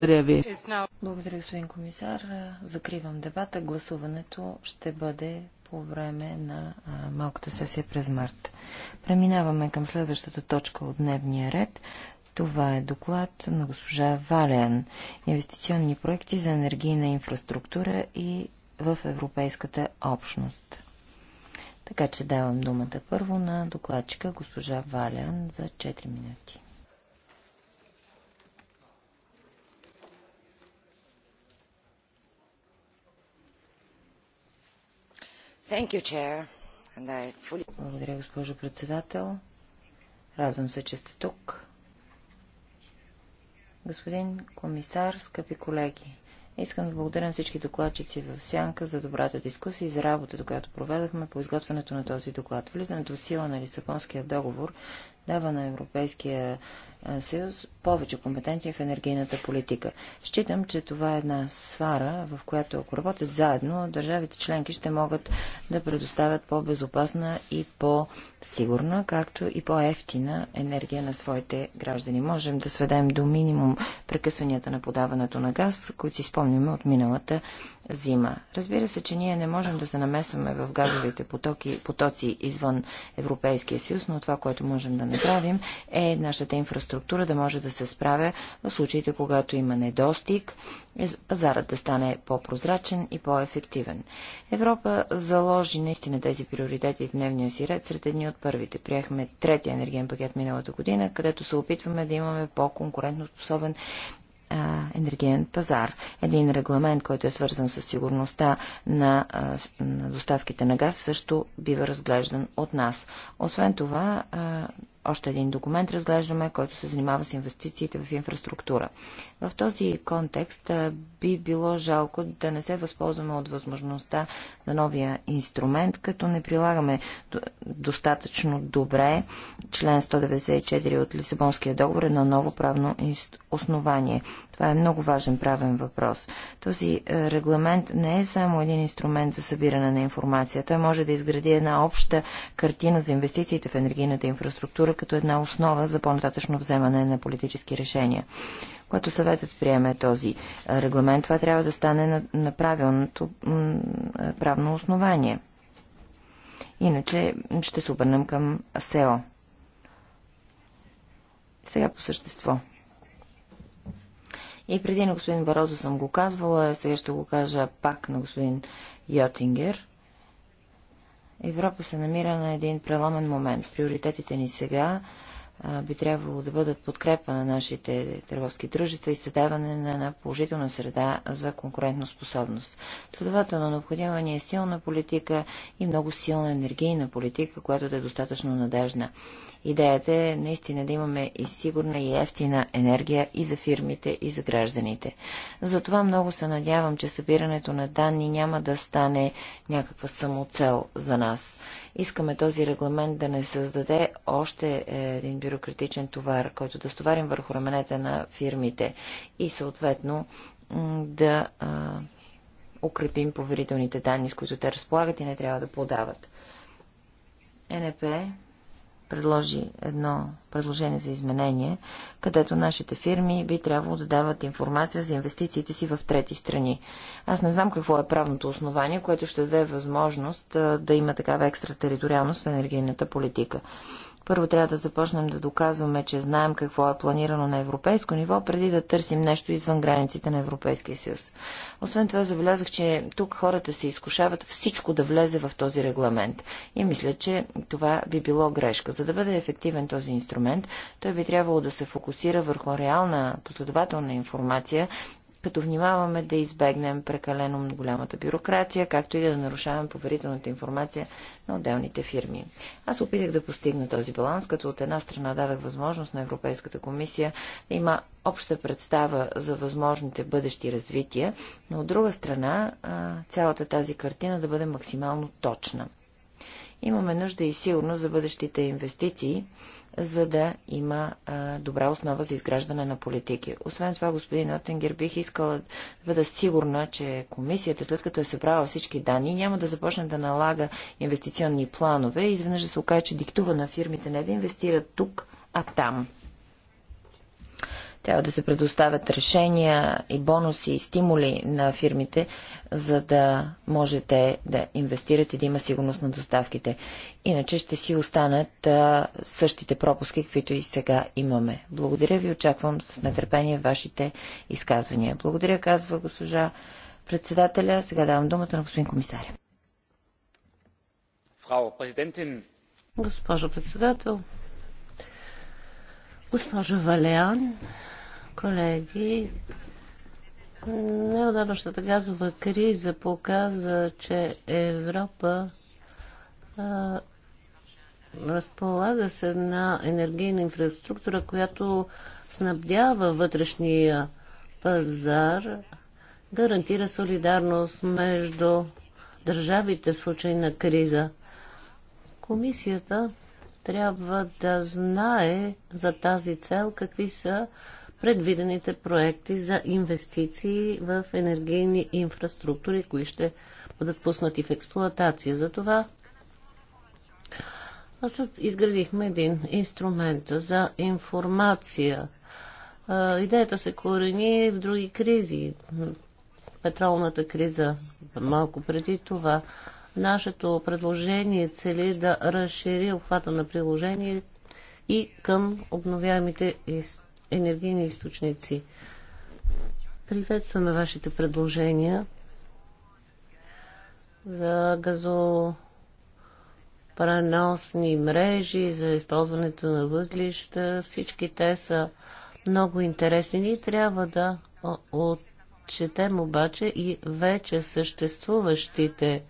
Благодаря ви. Благодаря, господин комисар. Закривам дебата. Гласуването ще бъде по време на малката сесия през март. Преминаваме към следващата точка от дневния ред. Това е доклад на госпожа Вален. Инвестиционни проекти за енергийна инфраструктура и в Европейската общност. Така че давам думата първо на докладчика госпожа Валян за 4 минути. Благодаря, госпожо председател. Радвам се, че сте тук. Господин комисар, скъпи колеги, искам да благодаря на всички докладчици в Сянка за добрата дискусия и за работата, която проведахме по изготвянето на този доклад. Влизането в сила на Лисабонския договор дава на Европейския съюз повече компетенция в енергийната политика. Считам, че това е една сфара, в която ако работят заедно, държавите членки ще могат да предоставят по-безопасна и по-сигурна, както и по-ефтина енергия на своите граждани. Можем да сведем до минимум прекъсванията на подаването на газ, които си спомняме от миналата зима. Разбира се, че ние не можем да се намесваме в газовите потоки, потоци извън Европейския съюз, но това, което можем да направим е нашата инфраструктура инфраструктура да може да се справя в случаите, когато има недостиг, пазарът да стане по-прозрачен и по-ефективен. Европа заложи наистина тези приоритети в дневния си ред сред едни от първите. Приехме третия енергиен пакет миналата година, където се опитваме да имаме по-конкурентно способен енергиен пазар. Един регламент, който е свързан с сигурността на, на доставките на газ, също бива разглеждан от нас. Освен това, още един документ разглеждаме, който се занимава с инвестициите в инфраструктура. В този контекст би било жалко да не се възползваме от възможността на новия инструмент, като не прилагаме достатъчно добре член 194 от Лисабонския договор на ново правно основание. Това е много важен правен въпрос. Този е, регламент не е само един инструмент за събиране на информация. Той може да изгради една обща картина за инвестициите в енергийната инфраструктура като една основа за по-нататъчно вземане на политически решения. Когато съветът приеме този е, регламент, това трябва да стане на, на правилното е, правно основание. Иначе ще се обърнем към СЕО. Сега по същество. И преди на господин Барозо съм го казвала, сега ще го кажа пак на господин Йотингер. Европа се намира на един преломен момент. Приоритетите ни сега би трябвало да бъдат подкрепа на нашите търговски дружества и създаване на една положителна среда за способност. Следователно, необходима ни е силна политика и много силна енергийна политика, която да е достатъчно надежна. Идеята е наистина да имаме и сигурна и ефтина енергия и за фирмите, и за гражданите. Затова много се надявам, че събирането на данни няма да стане някаква самоцел за нас Искаме този регламент да не създаде още един бюрократичен товар, който да стоварим върху раменете на фирмите и съответно да а, укрепим поверителните данни, с които те разполагат и не трябва да подават. Е, НП предложи едно предложение за изменение, където нашите фирми би трябвало да дават информация за инвестициите си в трети страни. Аз не знам какво е правното основание, което ще даде възможност да има такава екстратериториалност в енергийната политика. Първо трябва да започнем да доказваме, че знаем какво е планирано на европейско ниво, преди да търсим нещо извън границите на Европейския съюз. Освен това забелязах, че тук хората се изкушават всичко да влезе в този регламент. И мисля, че това би било грешка. За да бъде ефективен този инструмент, той би трябвало да се фокусира върху реална последователна информация като внимаваме да избегнем прекалено голямата бюрокрация, както и да нарушаваме поверителната информация на отделните фирми. Аз опитах да постигна този баланс, като от една страна дадах възможност на Европейската комисия да има обща представа за възможните бъдещи развития, но от друга страна цялата тази картина да бъде максимално точна. Имаме нужда и сигурност за бъдещите инвестиции, за да има а, добра основа за изграждане на политики. Освен това, господин Отенгер, бих искала да бъда сигурна, че комисията, след като е събрала всички данни, няма да започне да налага инвестиционни планове и изведнъж да се окаже, че диктува на фирмите не да инвестират тук, а там. Трябва да се предоставят решения и бонуси и стимули на фирмите, за да можете да инвестирате и да има сигурност на доставките. Иначе ще си останат а, същите пропуски, каквито и сега имаме. Благодаря ви, очаквам с нетърпение вашите изказвания. Благодаря, казва госпожа председателя. Сега давам думата на господин комисаря. Госпожо председател, госпожо Валеан, Колеги, неудаващата газова криза показа, че Европа а, разполага с една енергийна инфраструктура, която снабдява вътрешния пазар, гарантира солидарност между държавите в случай на криза. Комисията трябва да знае за тази цел какви са предвидените проекти за инвестиции в енергийни инфраструктури, които ще бъдат пуснати в експлоатация. това изградихме един инструмент за информация. Идеята се корени в други кризи. Петролната криза малко преди това. Нашето предложение цели да разшири обхвата на приложение и към обновяемите източници енергийни източници. Приветстваме вашите предложения за газопреносни мрежи, за използването на въглища. Всички те са много интересни и трябва да отчетем обаче и вече съществуващите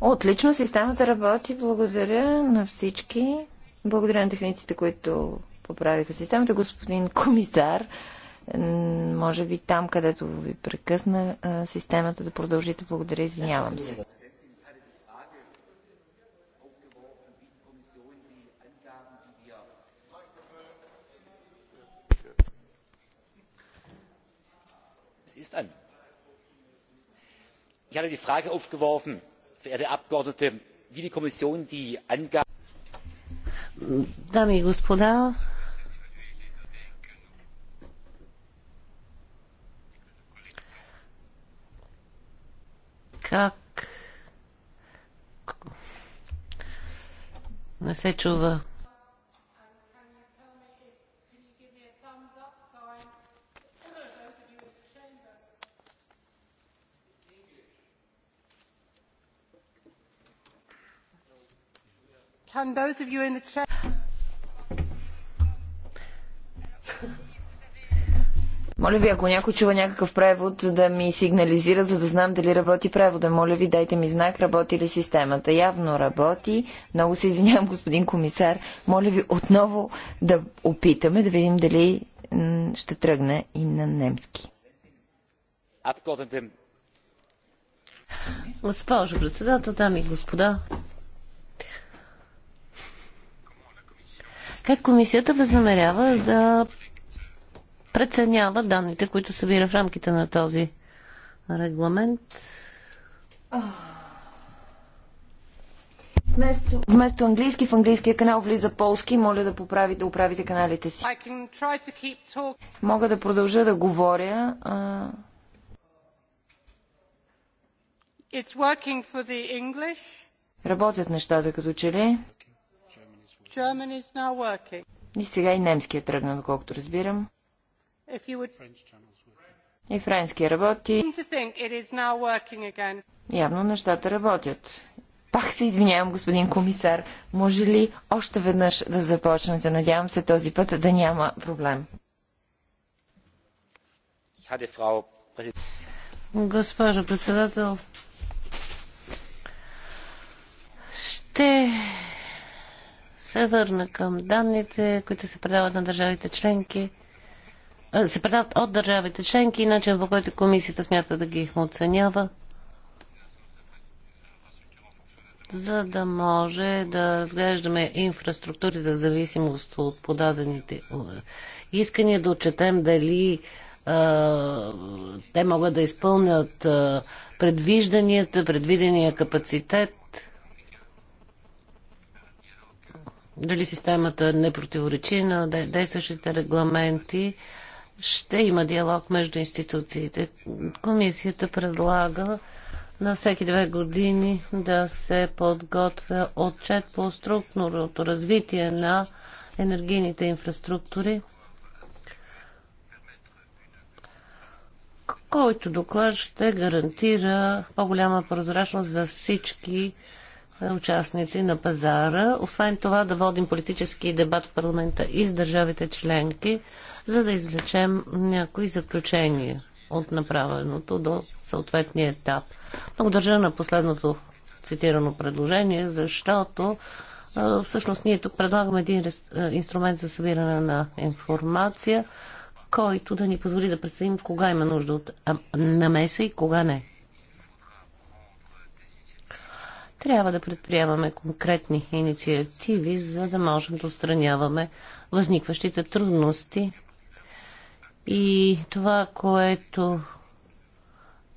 Отлично, системата работи. Благодаря на всички. Благодаря на техниците, които поправиха системата. Господин комисар, може би там, където ви прекъсна системата да продължите. Благодаря, извинявам се. ist an ich hatte die frage aufgeworfen verehrte abgeordnete wie die kommission die angaben and those of you in the Моля ви, ако някой чува някакъв превод, да ми сигнализира, за да знам дали работи превода. Моля ви, дайте ми знак, работи ли системата. Явно работи. Много се извинявам, господин комисар. Моля ви отново да опитаме, да видим дали ще тръгне и на немски. Госпожо председател, дами и господа, Как комисията възнамерява да преценява данните, които събира в рамките на този регламент? Вместо, вместо английски в английския канал влиза полски. Моля да поправите, управите каналите си. Мога да продължа да говоря. А... Работят нещата като че ли. И сега и немския тръгна, доколкото разбирам. И френски работи. Явно нещата работят. Пак се извинявам, господин комисар. Може ли още веднъж да започнете? Надявам се този път да няма проблем. Госпожо председател, ще се върна към данните, които се предават на държавите членки, се предават от държавите членки и начин по който комисията смята да ги оценява, за да може да разглеждаме инфраструктурите в зависимост от подадените е, искания, да отчетем дали те могат да изпълнят предвижданията, предвидения капацитет дали системата не противоречи на действащите регламенти, ще има диалог между институциите. Комисията предлага на всеки две години да се подготвя отчет по структурното развитие на енергийните инфраструктури, който доклад ще гарантира по-голяма прозрачност за всички участници на пазара. Освен това да водим политически дебат в парламента и с държавите членки, за да извлечем някои заключения от направеното до съответния етап. Много държа на последното цитирано предложение, защото всъщност ние тук предлагаме един инструмент за събиране на информация, който да ни позволи да преценим кога има нужда от намеса и кога не. Трябва да предприемаме конкретни инициативи, за да можем да отстраняваме възникващите трудности. И това, което,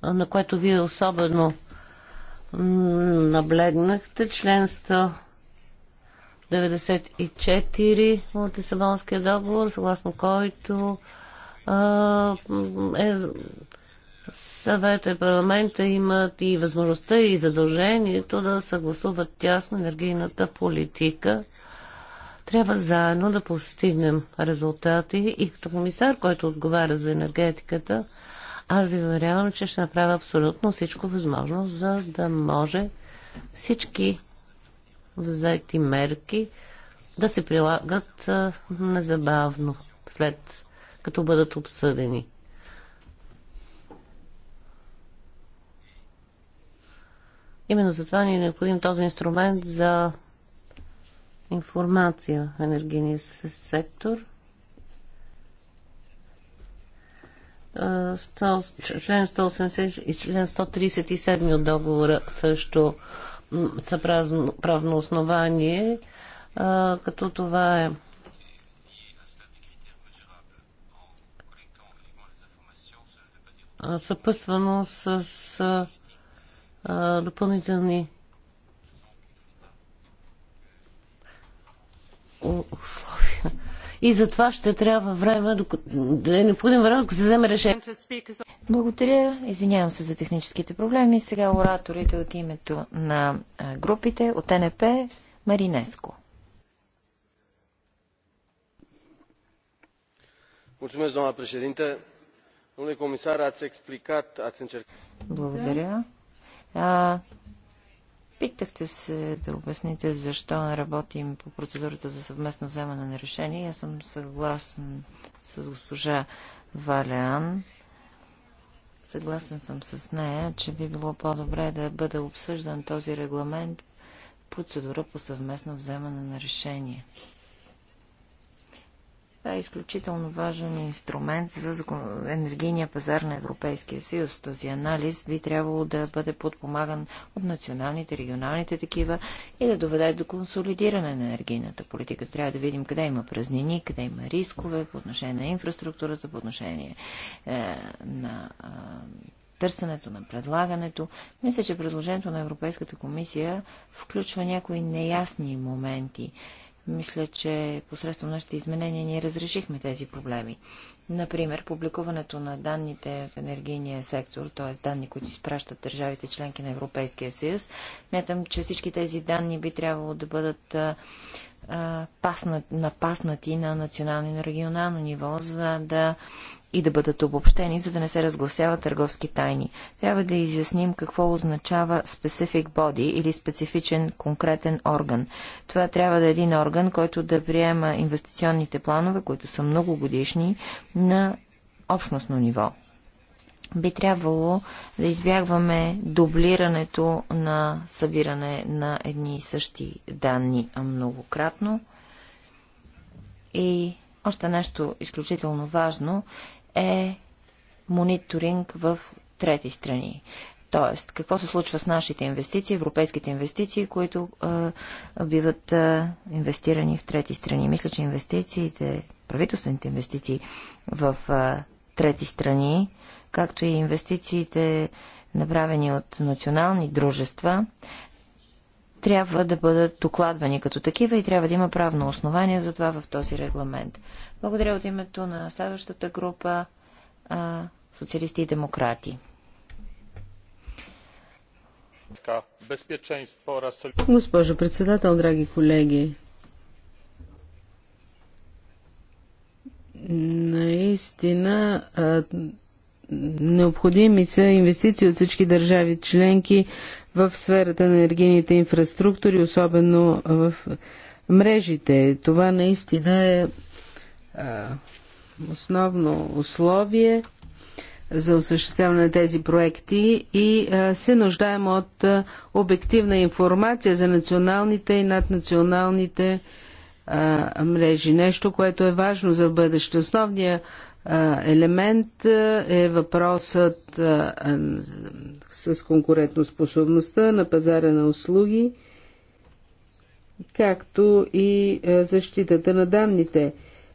на което вие особено наблегнахте, член 194 от Лисабонския договор, съгласно който е Съвета и парламента имат и възможността и задължението да съгласуват тясно енергийната политика. Трябва заедно да постигнем резултати и като комисар, който отговаря за енергетиката, аз ви уверявам, че ще направя абсолютно всичко възможно, за да може всички взети мерки да се прилагат незабавно, след като бъдат обсъдени. Именно затова ни е необходим този инструмент за информация в енергийния сектор. Член 180 и член 137 от договора също са правно основание, като това е съпъсвано с допълнителни условия. И за това ще трябва време, да е необходимо време, ако се вземе решение. Благодаря. Извинявам се за техническите проблеми. Сега ораторите от името на групите от НП Маринеско. doamnă președintă domnule comisar ați explicat ați încercat. Благодаря. А, питахте се да обясните защо не работим по процедурата за съвместно вземане на решение. Аз съм съгласен с госпожа Валеан, Съгласен съм с нея, че би било по-добре да бъде обсъждан този регламент процедура по съвместно вземане на решение. Това е изключително важен инструмент за енергийния пазар на Европейския съюз. Този анализ би трябвало да бъде подпомаган от националните, регионалните такива и да доведе до консолидиране на енергийната политика. Трябва да видим къде има празнини, къде има рискове по отношение на инфраструктурата, по отношение е, на е, търсенето, на предлагането. Мисля, че предложението на Европейската комисия включва някои неясни моменти. Мисля, че посредством нашите изменения ние разрешихме тези проблеми. Например, публикуването на данните в енергийния сектор, т.е. данни, които изпращат държавите членки на Европейския съюз. Мятам, че всички тези данни би трябвало да бъдат напаснати на национално и на регионално ниво, за да и да бъдат обобщени, за да не се разгласяват търговски тайни. Трябва да изясним какво означава specific body или специфичен конкретен орган. Това трябва да е един орган, който да приема инвестиционните планове, които са многогодишни, на общностно ниво. Би трябвало да избягваме дублирането на събиране на едни и същи данни многократно. И още нещо изключително важно е мониторинг в трети страни. Тоест, какво се случва с нашите инвестиции, европейските инвестиции, които а, биват а, инвестирани в трети страни. Мисля, че инвестициите правителствените инвестиции в трети страни, както и инвестициите, направени от национални дружества, трябва да бъдат докладвани като такива и трябва да има правно основание за това в този регламент. Благодаря от името на следващата група а, социалисти и демократи. Госпожо председател, драги колеги, Наистина, необходими са инвестиции от всички държави членки в сферата на енергийните инфраструктури, особено в мрежите. Това наистина е основно условие за осъществяване на тези проекти и се нуждаем от обективна информация за националните и наднационалните а, мрежи. Нещо, което е важно за бъдеще. Основният елемент е въпросът а, с конкурентоспособността на пазара на услуги, както и защитата на данните.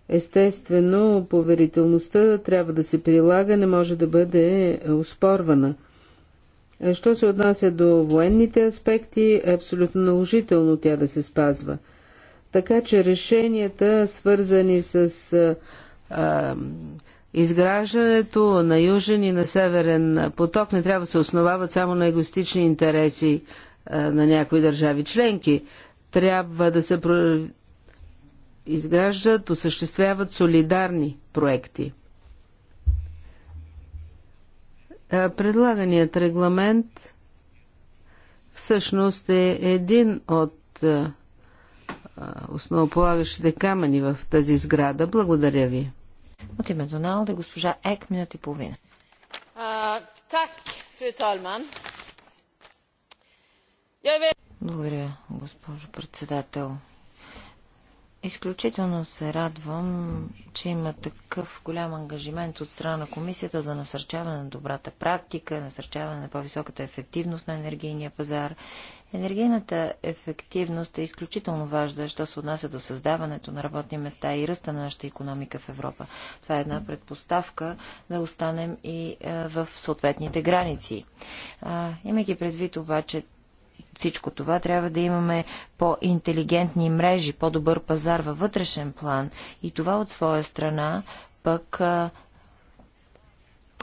Естествено, поверителността трябва да се прилага, не може да бъде успорвана. Що се отнася до военните аспекти, е абсолютно наложително тя да се спазва – така че решенията, свързани с а, изграждането на южен и на северен поток, не трябва да се основават само на егостични интереси а, на някои държави членки. Трябва да се про... изграждат, осъществяват солидарни проекти. Предлаганият регламент всъщност е един от основополагащите камъни в тази сграда. Благодаря ви. От името на Алде, госпожа Ек, минут и половина. Так, фру Талман. Благодаря, госпожо председател. Изключително се радвам, че има такъв голям ангажимент от страна на комисията за насърчаване на добрата практика, насърчаване на по-високата ефективност на енергийния пазар Енергийната ефективност е изключително важна, що се отнася до създаването на работни места и ръста на нашата економика в Европа. Това е една предпоставка да останем и е, в съответните граници. Имайки предвид обаче всичко това, трябва да имаме по-интелигентни мрежи, по-добър пазар във вътрешен план и това от своя страна пък е,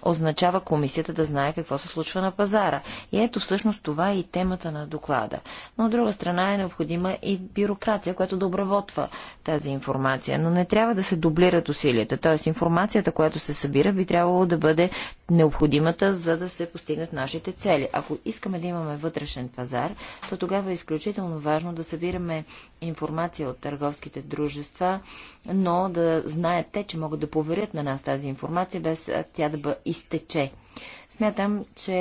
означава комисията да знае какво се случва на пазара. И ето всъщност това е и темата на доклада. Но от друга страна е необходима и бюрокрация, която да обработва тази информация. Но не трябва да се дублират усилията. Т.е. информацията, която се събира, би трябвало да бъде необходимата, за да се постигнат нашите цели. Ако искаме да имаме вътрешен пазар, то тогава е изключително важно да събираме информация от търговските дружества, но да знаят те, че могат да поверят на нас тази информация, без тя да изтече. Смятам, че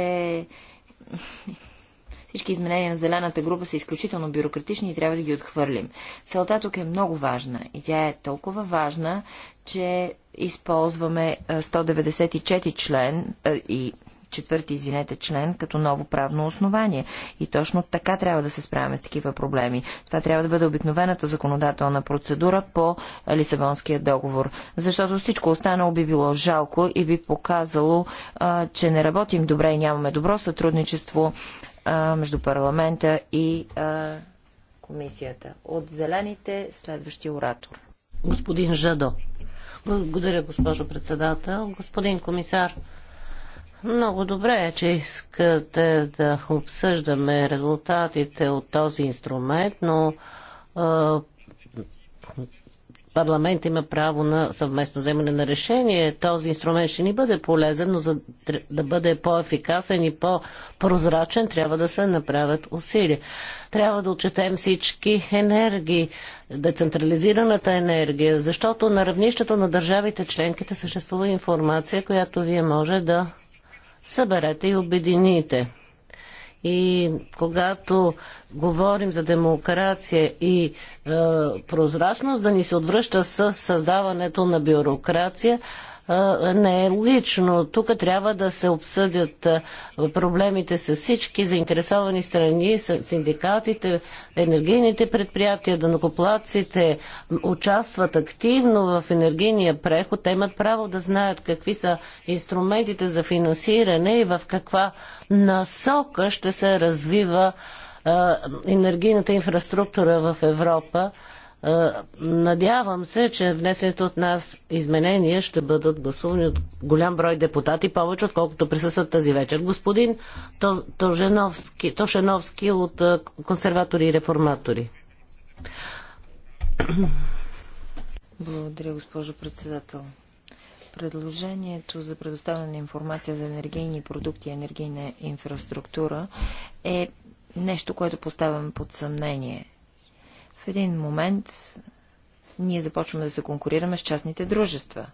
всички изменения на зелената група са изключително бюрократични и трябва да ги отхвърлим. Целта тук е много важна и тя е толкова важна, че използваме 194 член а, и четвърти, извинете, член като ново правно основание. И точно така трябва да се справяме с такива проблеми. Това трябва да бъде обикновената законодателна процедура по Лисабонския договор. Защото всичко останало би било жалко и би показало, а, че не работим добре и нямаме добро сътрудничество а, между парламента и а, комисията. От зелените следващия оратор. Господин Жадо. Благодаря, госпожо председател. Господин комисар, много добре е, че искате да обсъждаме резултатите от този инструмент, но парламент има право на съвместно вземане на решение. Този инструмент ще ни бъде полезен, но за да бъде по-ефикасен и по-прозрачен, трябва да се направят усилия. Трябва да отчетем всички енергии, децентрализираната енергия, защото на равнището на държавите членките съществува информация, която вие може да съберете и обедините. И когато говорим за демокрация и е, прозрачност, да ни се отвръща с създаването на бюрокрация, не е логично. Тук трябва да се обсъдят проблемите с всички заинтересовани страни, с синдикатите, енергийните предприятия, данокоплаците участват активно в енергийния преход. Те имат право да знаят какви са инструментите за финансиране и в каква насока ще се развива енергийната инфраструктура в Европа е, надявам се, че внесените от нас изменения ще бъдат гласувани от голям брой депутати, повече отколкото присъстват тази вечер. Господин Тоженовски, Тошеновски от е, консерватори и реформатори. Благодаря, госпожо председател. Предложението за предоставяне на информация за енергийни продукти и енергийна инфраструктура е нещо, което поставяме под съмнение – в един момент ние започваме да се конкурираме с частните дружества.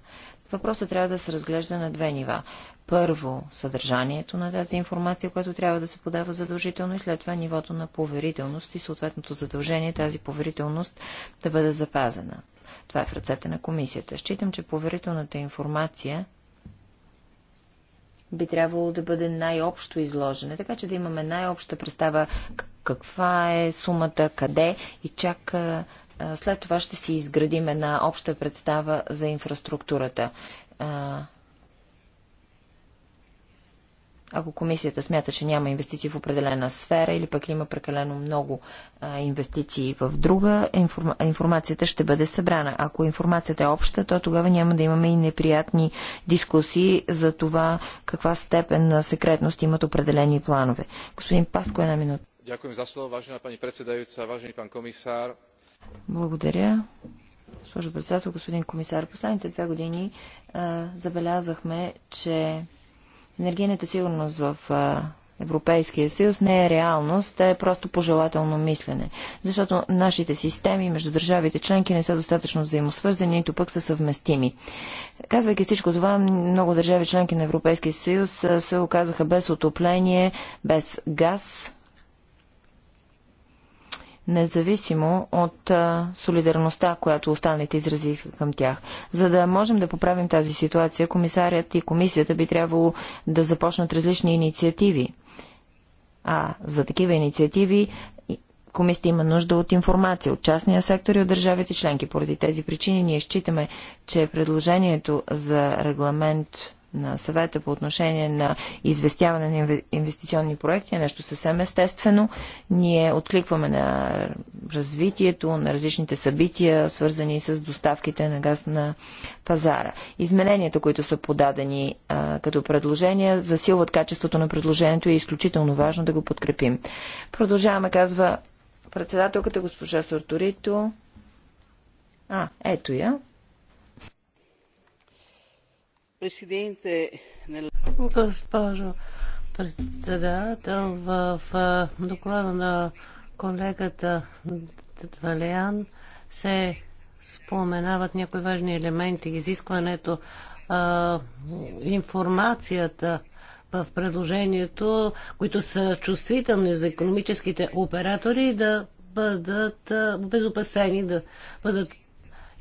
Въпросът трябва да се разглежда на две нива. Първо, съдържанието на тази информация, което трябва да се подава задължително и след това нивото на поверителност и съответното задължение тази поверителност да бъде запазена. Това е в ръцете на комисията. Считам, че поверителната информация би трябвало да бъде най-общо изложена, така че да имаме най-обща представа каква е сумата, къде и чак след това ще си изградим една обща представа за инфраструктурата. Ако комисията смята, че няма инвестиции в определена сфера или пък има прекалено много а, инвестиции в друга, информ... информацията ще бъде събрана. Ако информацията е обща, то тогава няма да имаме и неприятни дискусии за това каква степен на секретност имат определени планове. Господин Паско, една минута. Благодаря. Госпожо председател, господин комисар, последните две години а, забелязахме, че Енергийната сигурност в Европейския съюз не е реалност, а е просто пожелателно мислене. Защото нашите системи между държавите членки не са достатъчно взаимосвързани, нито пък са съвместими. Казвайки всичко това, много държави членки на Европейския съюз се оказаха без отопление, без газ, независимо от а, солидарността, която останалите изразиха към тях. За да можем да поправим тази ситуация, комисарят и комисията би трябвало да започнат различни инициативи. А за такива инициативи комисията има нужда от информация от частния сектор и от държавите членки. Поради тези причини ние считаме, че предложението за регламент на съвета по отношение на известяване на инвестиционни проекти е нещо съвсем естествено. Ние откликваме на развитието, на различните събития, свързани с доставките на газ на пазара. Измененията, които са подадени а, като предложения, засилват качеството на предложението и е изключително важно да го подкрепим. Продължаваме, казва председателката госпожа Сорторито. А, ето я. Госпожо председател, в доклада на колегата Валиан се споменават някои важни елементи. Изискването, информацията в предложението, които са чувствителни за економическите оператори, да бъдат обезопасени, да бъдат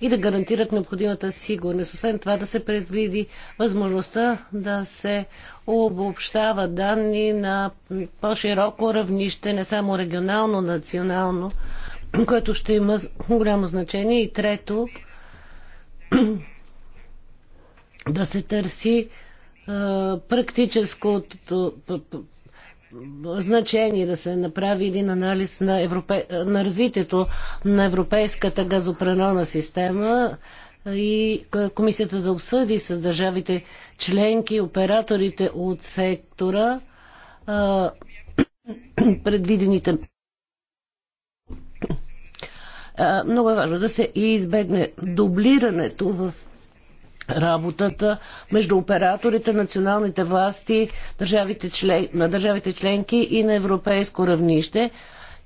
и да гарантират необходимата сигурност. Освен това да се предвиди възможността да се обобщава данни на по-широко равнище, не само регионално, национално, което ще има голямо значение. И трето, да се търси практическото значение да се направи един анализ на, европе... на развитието на европейската газопренона система и комисията да обсъди с държавите членки, операторите от сектора а, предвидените. А, много е важно да се избегне дублирането в работата между операторите, националните власти държавите член, на държавите членки и на европейско равнище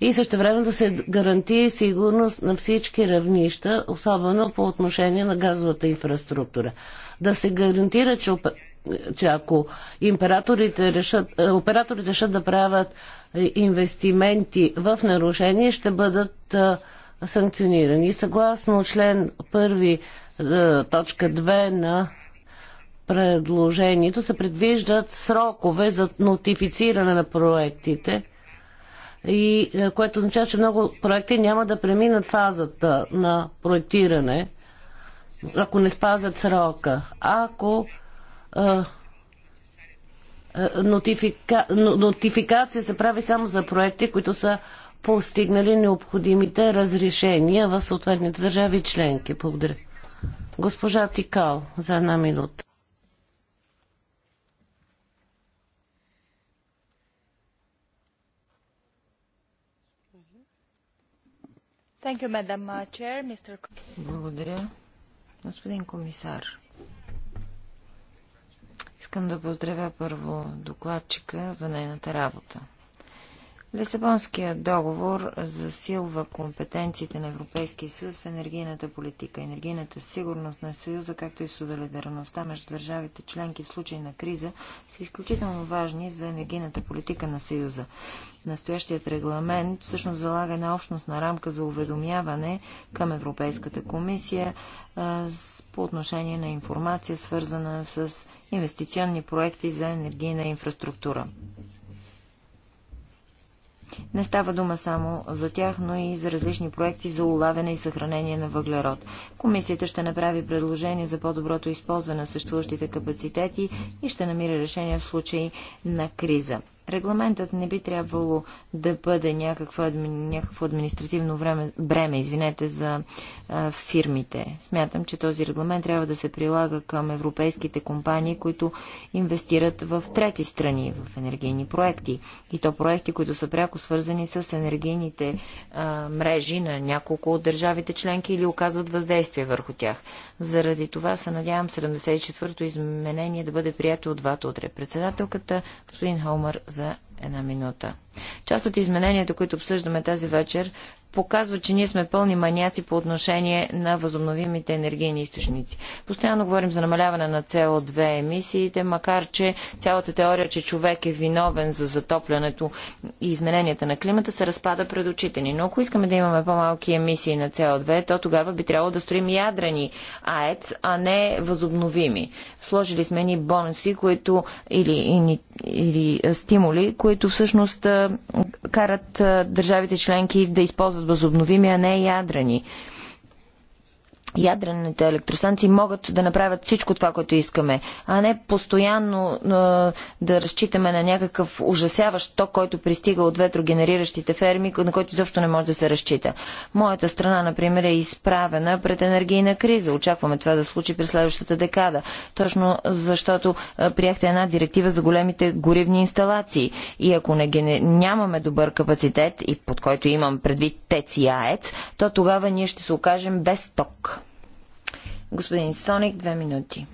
и също време да се гаранти сигурност на всички равнища, особено по отношение на газовата инфраструктура. Да се гарантира, че, че ако императорите решат, е, операторите решат да правят е, инвестименти в нарушение, ще бъдат е, санкционирани съгласно член 1 е, точка 2 на предложението се предвиждат срокове за нотифициране на проектите и е, което означава, че много проекти няма да преминат фазата на проектиране, ако не спазят срока. Ако а, е, а, нотифика, нотификация се прави само за проекти, които са постигнали необходимите разрешения в съответните държави членки. Благодаря. Госпожа Тикал, за една минута. Uh, Благодаря. Господин комисар, искам да поздравя първо докладчика за нейната работа. Лисабонският договор засилва компетенциите на Европейския съюз в енергийната политика, енергийната сигурност на съюза, както и солидарността между държавите членки в случай на криза, са изключително важни за енергийната политика на съюза. Настоящият регламент всъщност залага една общностна рамка за уведомяване към Европейската комисия по отношение на информация, свързана с инвестиционни проекти за енергийна инфраструктура. Не става дума само за тях, но и за различни проекти за улавяне и съхранение на въглерод. Комисията ще направи предложение за по-доброто използване на съществуващите капацитети и ще намира решение в случай на криза. Регламентът не би трябвало да бъде някаква, някакво административно време, бреме извинете, за а, фирмите. Смятам, че този регламент трябва да се прилага към европейските компании, които инвестират в трети страни, в енергийни проекти. И то проекти, които са пряко свързани с енергийните а, мрежи на няколко от държавите членки или оказват въздействие върху тях. Заради това се надявам 74-то изменение да бъде прието от двата утре. Председателката господин Хаумър за една минута. Част от измененията, които обсъждаме тази вечер, показва, че ние сме пълни маняци по отношение на възобновимите енергийни източници. Постоянно говорим за намаляване на CO2 емисиите, макар че цялата теория, че човек е виновен за затоплянето и измененията на климата, се разпада пред очите ни. Но ако искаме да имаме по-малки емисии на CO2, то тогава би трябвало да строим ядрени АЕЦ, а не възобновими. Сложили сме ни бонуси, които или, или стимули, които всъщност карат държавите членки да използват възобновими, а не ядрени ядрените електростанции могат да направят всичко това, което искаме, а не постоянно а, да разчитаме на някакъв ужасяващ ток, който пристига от ветрогенериращите ферми, на който изобщо не може да се разчита. Моята страна, например, е изправена пред енергийна криза. Очакваме това да случи през следващата декада. Точно защото а, приехте една директива за големите горивни инсталации. И ако не, гене... нямаме добър капацитет, и под който имам предвид ТЕЦ и АЕЦ, то тогава ние ще се окажем без ток. Господин Соник, две минути.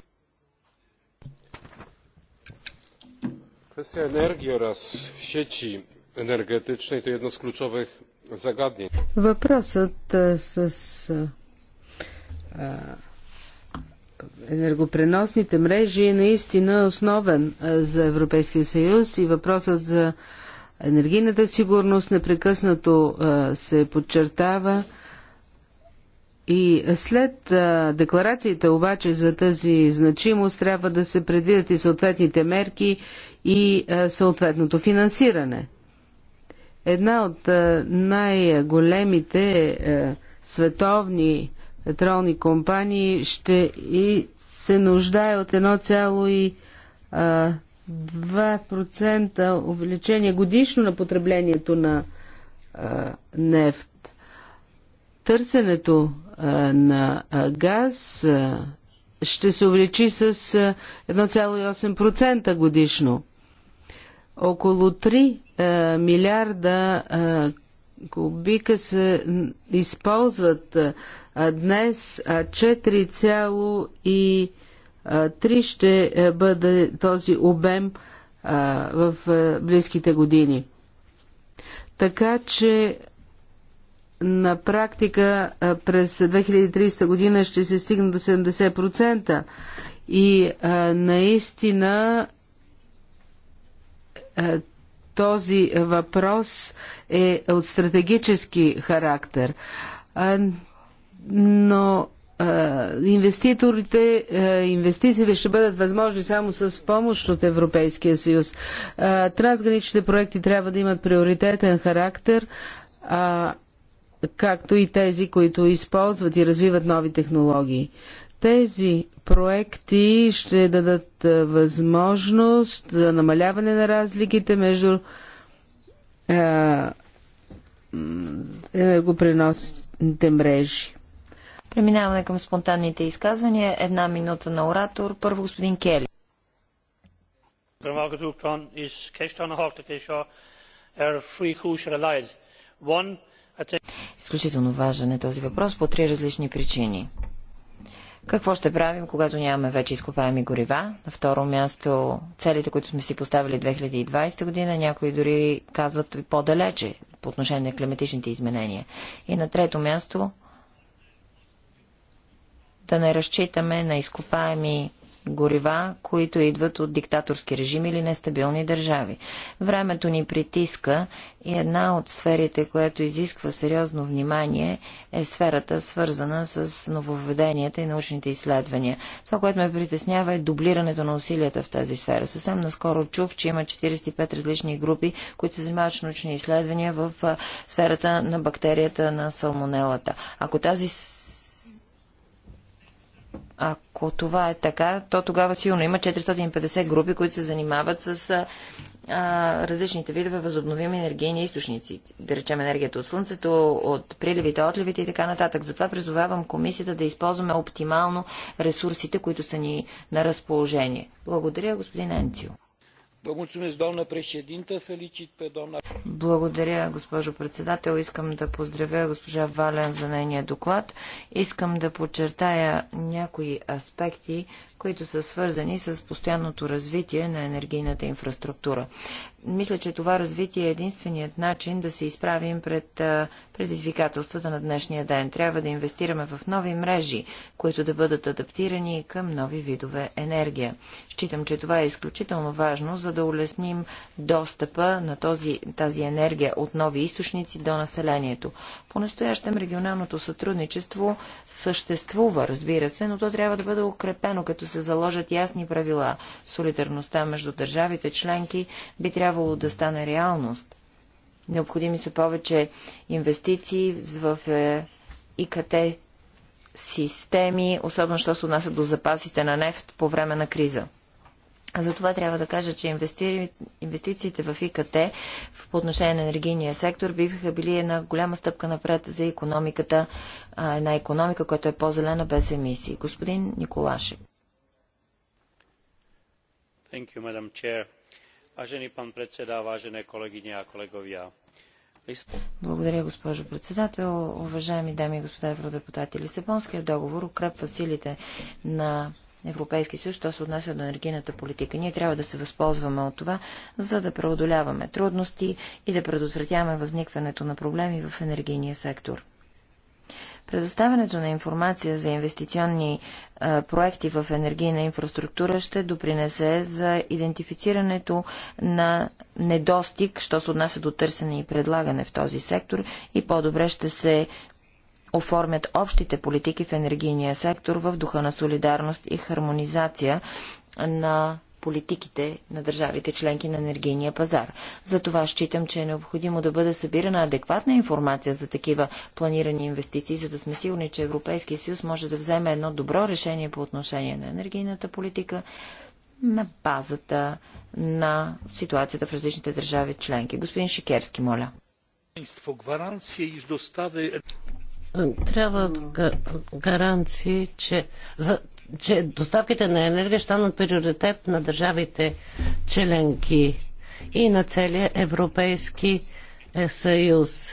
Kwestia energii oraz sieci energetycznej to jedno z kluczowych zagadnień. Въпросът е, с е, енергопреносните мрежи е наистина основен е, за Европейския съюз и въпросът за енергийната сигурност непрекъснато се подчертава. И след а, декларациите обаче за тази значимост трябва да се предвидят и съответните мерки и а, съответното финансиране. Една от най-големите е, световни петролни компании ще и се нуждае от 1,2% увеличение годишно на потреблението на а, нефт. Търсенето на газ ще се увеличи с 1,8% годишно. Около 3 милиарда кубика се използват днес, а 4,3 ще бъде този обем в близките години. Така че на практика през 2030 година ще се стигне до 70%. И наистина този въпрос е от стратегически характер. но инвеститорите, инвестициите ще бъдат възможни само с помощ от Европейския съюз. трансграничните проекти трябва да имат приоритетен характер. А, както и тези, които използват и развиват нови технологии. Тези проекти ще дадат възможност за намаляване на разликите между енергопреносните мрежи. Преминаваме към спонтанните изказвания. Една минута на оратор. Първо господин Кели. One Изключително важен е този въпрос по три различни причини. Какво ще правим, когато нямаме вече изкопаеми горива? На второ място, целите, които сме си поставили 2020 година, някои дори казват и по-далече по отношение на климатичните изменения. И на трето място, да не разчитаме на изкопаеми горива, които идват от диктаторски режими или нестабилни държави. Времето ни притиска и една от сферите, която изисква сериозно внимание, е сферата свързана с нововведенията и научните изследвания. Това, което ме притеснява е дублирането на усилията в тази сфера. Съвсем наскоро чух, че има 45 различни групи, които се занимават с научни изследвания в сферата на бактерията на салмонелата. Ако тази ако това е така, то тогава силно има 450 групи, които се занимават с а, различните видове възобновими енергийни източници. Да речем енергията от слънцето, от приливите, отливите и така нататък. Затова призовавам комисията да използваме оптимално ресурсите, които са ни на разположение. Благодаря, господин Енцио. Благодаря, госпожо председател. Искам да поздравя госпожа Вален за нейния доклад. Искам да подчертая някои аспекти, които са свързани с постоянното развитие на енергийната инфраструктура. Мисля, че това развитие е единственият начин да се изправим пред предизвикателствата на днешния ден. Трябва да инвестираме в нови мрежи, които да бъдат адаптирани към нови видове енергия. Считам, че това е изключително важно, за да улесним достъпа на този, тази енергия от нови източници до населението. По-настоящем регионалното сътрудничество съществува, разбира се, но то трябва да бъде укрепено, като се заложат ясни правила. Солидарността между държавите членки би трябвало да стане реалност. Необходими са повече инвестиции в е, ИКТ системи, особено що се отнася до запасите на нефт по време на криза. Затова трябва да кажа, че инвести... инвестициите в ИКТ в по отношение на енергийния сектор биха били една голяма стъпка напред за економиката, една економика, която е по-зелена без емисии. Господин Николашев. Благодаря, госпожо председател. Уважаеми дами и господа евродепутати, Лисабонският договор укрепва силите на Европейски съюз, що се отнася до енергийната политика. Ние трябва да се възползваме от това, за да преодоляваме трудности и да предотвратяваме възникването на проблеми в енергийния сектор. Предоставянето на информация за инвестиционни а, проекти в енергийна инфраструктура ще допринесе за идентифицирането на недостиг, що се отнася до търсене и предлагане в този сектор и по-добре ще се оформят общите политики в енергийния сектор в духа на солидарност и хармонизация на политиките на държавите членки на енергийния пазар. За това считам, че е необходимо да бъде събирана адекватна информация за такива планирани инвестиции, за да сме сигурни, че Европейския съюз може да вземе едно добро решение по отношение на енергийната политика, на базата на ситуацията в различните държави членки. Господин Шикерски, моля. Трябва гаранции, че за че доставките на енергия станат приоритет на държавите членки и на целия Европейски е, съюз.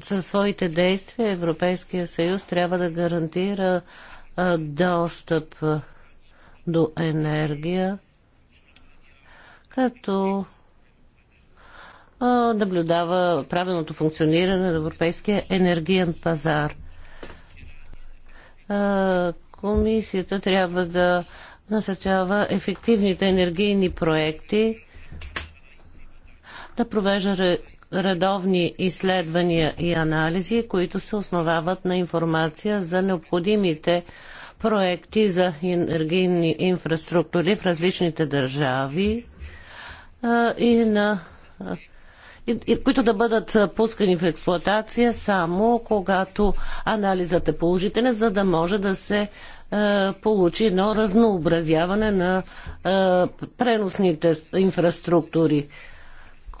Със своите действия Европейския съюз трябва да гарантира достъп до енергия, като наблюдава правилното функциониране на Европейския енергиен пазар комисията трябва да насъчава ефективните енергийни проекти, да провежда редовни изследвания и анализи, които се основават на информация за необходимите проекти за енергийни инфраструктури в различните държави и на които да бъдат пускани в експлоатация само когато анализът е положителен, за да може да се получи едно разнообразяване на преносните инфраструктури.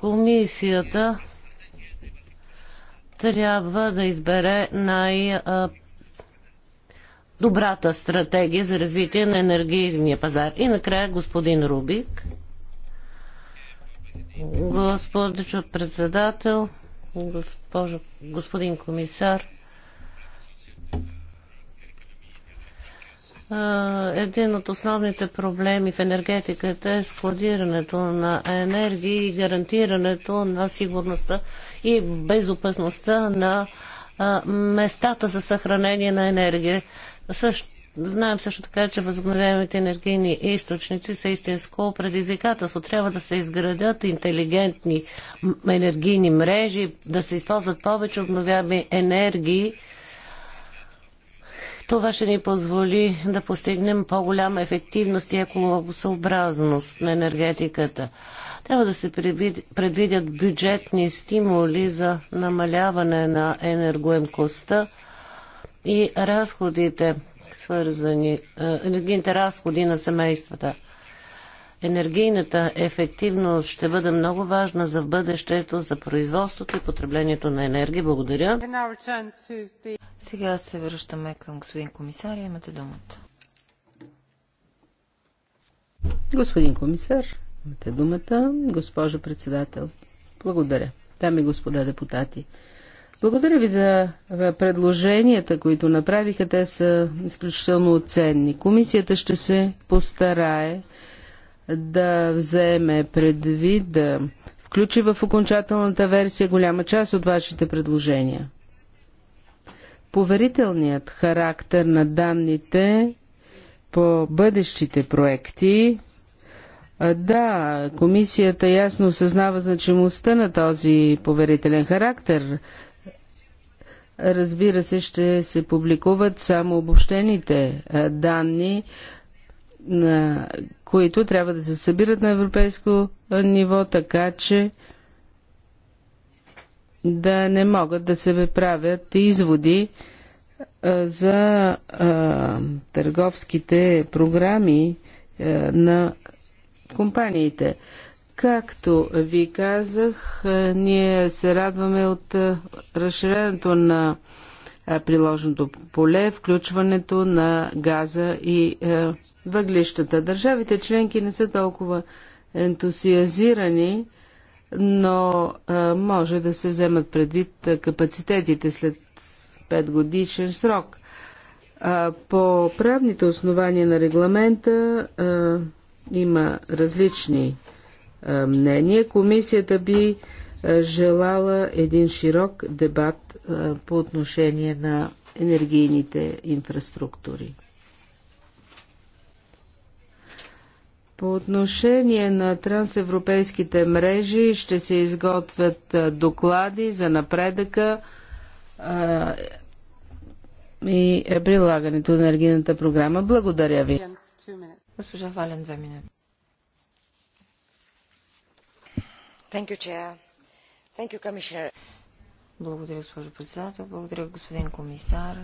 Комисията трябва да избере най- добрата стратегия за развитие на енергийния пазар. И накрая господин Рубик. Госпожо председател, госпожо, господин комисар, един от основните проблеми в енергетиката е складирането на енергия и гарантирането на сигурността и безопасността на местата за съхранение на енергия. Също Знаем също така, че възобновяемите енергийни източници са истинско предизвикателство. Трябва да се изградят интелигентни енергийни мрежи, да се използват повече обновяеми енергии. Това ще ни позволи да постигнем по-голяма ефективност и екологосъобразност на енергетиката. Трябва да се предвидят бюджетни стимули за намаляване на енергоемкостта и разходите свързани, енергийните разходи на семействата. Енергийната ефективност ще бъде много важна за бъдещето, за производството и потреблението на енергия. Благодаря. Сега се връщаме към господин комисар. Имате думата. Господин комисар, имате думата. Госпожо председател, благодаря. Дами и господа депутати, благодаря ви за предложенията, които направиха. Те са изключително ценни. Комисията ще се постарае да вземе предвид, да включи в окончателната версия голяма част от вашите предложения. Поверителният характер на данните по бъдещите проекти. Да, комисията ясно осъзнава значимостта на този поверителен характер Разбира се, ще се публикуват само обобщените данни, на които трябва да се събират на европейско ниво, така че да не могат да се правят изводи за търговските програми на компаниите. Както ви казах, ние се радваме от разширението на приложното поле, включването на газа и въглищата. Държавите членки не са толкова ентусиазирани, но може да се вземат предвид капацитетите след 5 годишен срок. По правните основания на регламента има различни е, мнение. Комисията би е, желала един широк дебат е, по отношение на енергийните инфраструктури. По отношение на трансевропейските мрежи ще се изготвят доклади за напредъка и прилагането на енергийната програма. Благодаря ви. Госпожа Вален, две минути. Благодаря, госпожо председател. Благодаря, господин комисар.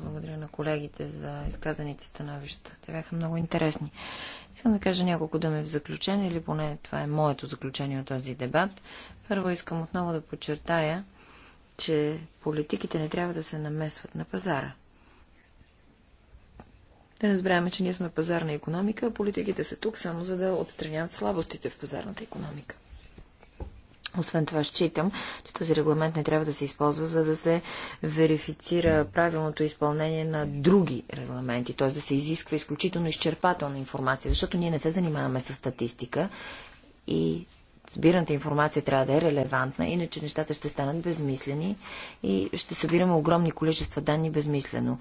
Благодаря на колегите за изказаните становища. Те бяха много интересни. Искам да кажа няколко думи в заключение, или поне това е моето заключение от този дебат. Първо искам отново да подчертая, че политиките не трябва да се намесват на пазара. Да разбираме, че ние сме пазарна економика, а политиките са тук само за да отстранят слабостите в пазарната економика. Освен това считам, че този регламент не трябва да се използва, за да се верифицира правилното изпълнение на други регламенти, т.е. да се изисква изключително изчерпателна информация, защото ние не се занимаваме с статистика и сбираната информация трябва да е релевантна, иначе нещата ще станат безмислени и ще събираме огромни количества данни безмислено.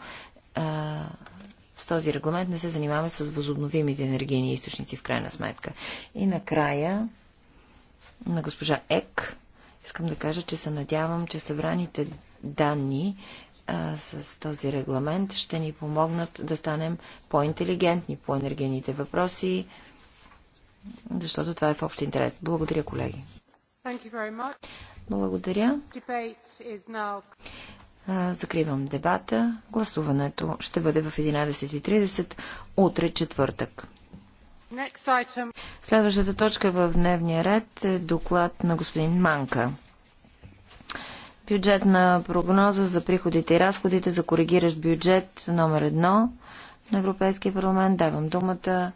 с този регламент не се занимаваме с възобновимите енергийни източници в крайна сметка. И накрая на госпожа Ек, искам да кажа, че се надявам, че събраните данни а, с този регламент ще ни помогнат да станем по-интелигентни по енергийните въпроси, защото това е в общ интерес. Благодаря, колеги. Благодаря. Закривам дебата. Гласуването ще бъде в 11.30 утре четвъртък. Следващата точка в дневния ред е доклад на господин Манка. Бюджетна прогноза за приходите и разходите за коригиращ бюджет номер едно на Европейския парламент. Давам думата